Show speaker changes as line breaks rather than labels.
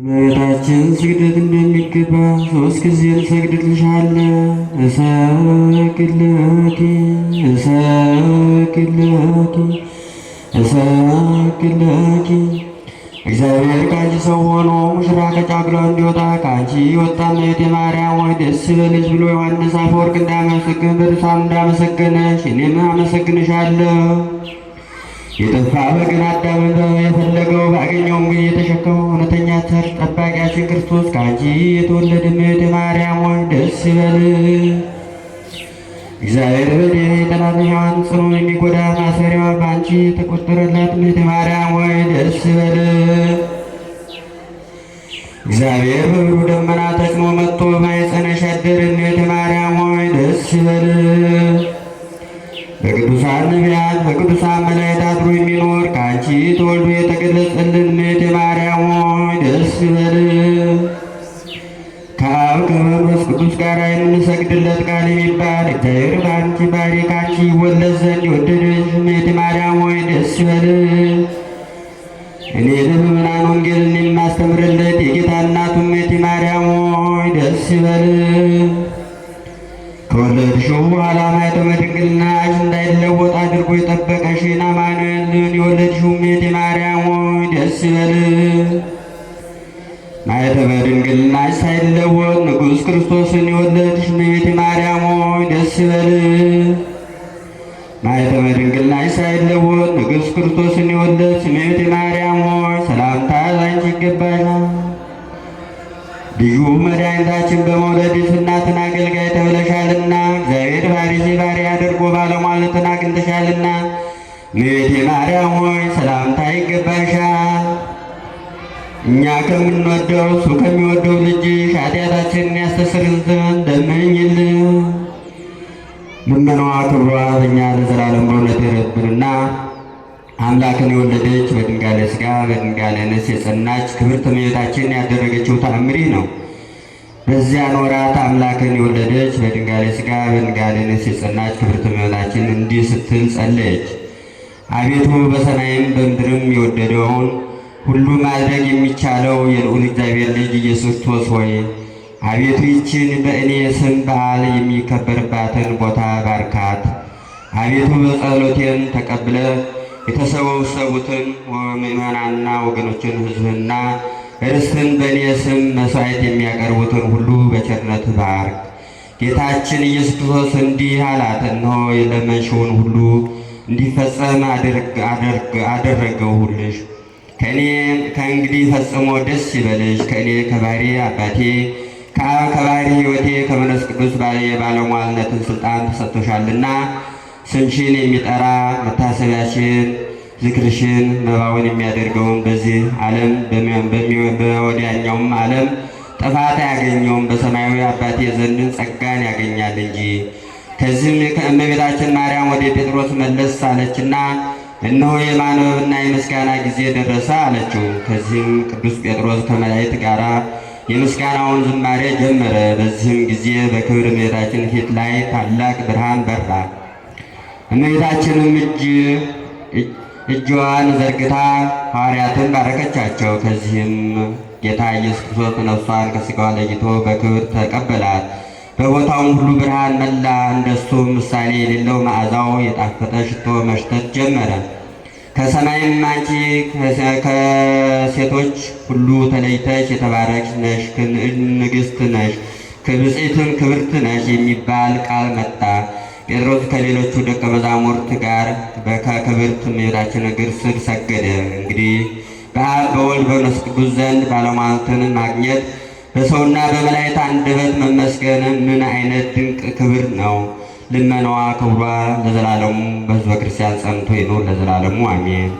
እመቤታችን ስግደት እንደሚገባ ሶስት ጊዜ እንሰግድልሻለን። እሰግድልኪ እሰግድልኪ እሰግድልኪ። እግዚአብሔር ከአንቺ ሰው ሆኖ ሙሽራ ከጫጉላ እንዲወጣ ከአንቺ ወጣ። እመቤቴ ማርያም ሆይ ደስ ይበልሽ ብሎ ዮሐንስ አፈወርቅ እንዳመሰገን በድሳም እንዳመሰገነሽ እኔም አመሰግንሻለሁ። የጠፋ በግን አዳምን የፈለገው ባገኘውም ግን የተሻ ያደረግከው እውነተኛ ተር ጠባቂያችን ክርስቶስ ከአንቺ የተወለደ ምድ ማርያም ሆይ ደስ ይበል። እግዚአብሔር ጽኑ የሚጎዳ ማሰሪያዋ በአንቺ የተቆጠረላት ምድ ማርያም ሆይ ደስ ይበል። እግዚአብሔር ደመና ተጭኖ መጥቶ ማኅፀንሽ ያደረ ምድ ማርያም ሆይ ደስ ይበል። በቅዱሳን ነቢያት በቅዱሳን መላእክት አድሮ የሚኖር ከአንቺ ተወልዶ የተገለጸልን ምድ ማርያም ሆይ ደስ ይበል። ከአብ ከመንፈስ ቅዱስ ጋር የምንሰግድለት ቃል የሚባል እግዚአብሔር በአንቺ ባሕሪ ከአንቺ ይወለድ ዘንድ የወደደች ማርያም ሆይ ደስ ይበል። እኔ ለምእመናን ወንጌልን የማስተምርለት የጌታ እናቱ ምድ ማርያም ሆይ ደስ ይበል። የሾሙ ዓላማ የተመድንግልናሽ እንዳይለወጥ አድርጎ የጠበቀሽን አማኑኤልን የወለድሽው እመቤቴ ማርያም ሆይ ደስ ይበልሽ። ማኅተመ ድንግልናሽ ሳይለወጥ ንጉሥ ክርስቶስን የወለድሽ እመቤቴ ማርያም ሆይ ደስ ይበልሽ። ማኅተመ ድንግልናሽ ሳይለወጥ ንጉሥ ክርስቶስን የወለድሽ እመቤቴ ማርያም ሆይ ሰላምታ ላንቺ ይገባሻል። ልዩ መድኃኒታችን በመውለድሽ እናትን አገልጋይ ተብለሻልና ያንግሳልና እመቤቴ ማርያም ሆይ ሰላምታ ይገባሻል። እኛ ከምንወደው እሱ ከሚወደው ልጅሽ ኃጢአታችንን ያስተሰርይ ዘንድ ለምኝልን። ልመናዋ ክብሯ በእኛ ለዘላለም በእውነት ይረብንና አምላክን የወለደች በድንጋሌ ሥጋ በድንጋሌ ነፍስ የጸናች ክብርት እመቤታችን ያደረገችው ታምሪ ነው። በዚያን ወራት አምላክን የወለደች በድንጋሌ ሥጋ በድንጋሌ ነፍስ የጸናች ክብርት እመቤታችን እንዲህ ስትል ጸለየች። አቤቱ በሰማይም በምድርም የወደደውን ሁሉ ማድረግ የሚቻለው የልዑል እግዚአብሔር ልጅ ኢየሱስ ክርስቶስ ሆይ አቤቱ ይችን በእኔ ስም በዓል የሚከበርባትን ቦታ ባርካት። አቤቱ በጸሎቴን ተቀብለ የተሰበሰቡትን ምእመናንና ወገኖችን ሕዝብና እርስም በእኔ ስም መስዋዕት የሚያቀርቡትን ሁሉ በቸርነት ባርክ። ጌታችን ኢየሱስ ክርስቶስ እንዲህ አላት፣ እነሆ የለመንሽውን ሁሉ እንዲፈጸም አደረገሁልሽ። ከእኔ ከእንግዲህ ፈጽሞ ደስ ይበልሽ፣ ከእኔ ከባሪ አባቴ ከአብ ከባሕሪ ሕይወቴ ከመንፈስ ቅዱስ የባለሟልነትን ስልጣን ተሰጥቶሻልና ስምሽን የሚጠራ መታሰቢያችን ዝክርሽን መባውን የሚያደርገውን በዚህ ዓለም በወዲያኛውም ዓለም ጥፋት አያገኘውም፣ በሰማያዊ አባቴ ዘንድን ጸጋን ያገኛል እንጂ። ከዚህም ከእመቤታችን ማርያም ወደ ጴጥሮስ መለስ አለችና እነሆ የማንበብና የምስጋና ጊዜ ደረሰ አለችው። ከዚህም ቅዱስ ጴጥሮስ ከመላእክት ጋር የምስጋናውን ዝማሬ ጀመረ። በዚህም ጊዜ በክብር እመቤታችን ፊት ላይ ታላቅ ብርሃን በራ። እመቤታችንም እጅ እጇን ዘርግታ ሐዋርያትን ባረከቻቸው። ከዚህም ጌታ ኢየሱስ ክርስቶስ ነፍሷን ከሥጋዋ ለይቶ በክብር ተቀበላት። በቦታውም ሁሉ ብርሃን መላ። እንደሱ ምሳሌ የሌለው መዓዛው የጣፈጠ ሽቶ መሽተት ጀመረ። ከሰማይም አንቺ ከሴቶች ሁሉ ተለይተሽ የተባረክሽ ነሽ፣ ንግሥት ነሽ፣ ብፅዕት ክብርት ነሽ የሚባል ቃል መጣ። ጴጥሮስ ከሌሎቹ ደቀ መዛሙርት ጋር ከክብርት እመቤታችን እግር ስር ሰገደ። እንግዲህ በአብ በወልድ በመንፈስ ቅዱስ ዘንድ ባለሟልትን ማግኘት በሰውና በመላእክት አንደበት መመስገን ምን አይነት ድንቅ ክብር ነው! ልመናዋ ክብሯ ለዘላለሙ በሕዝበ ክርስቲያን ጸንቶ ይኑር ለዘላለሙ አሜን።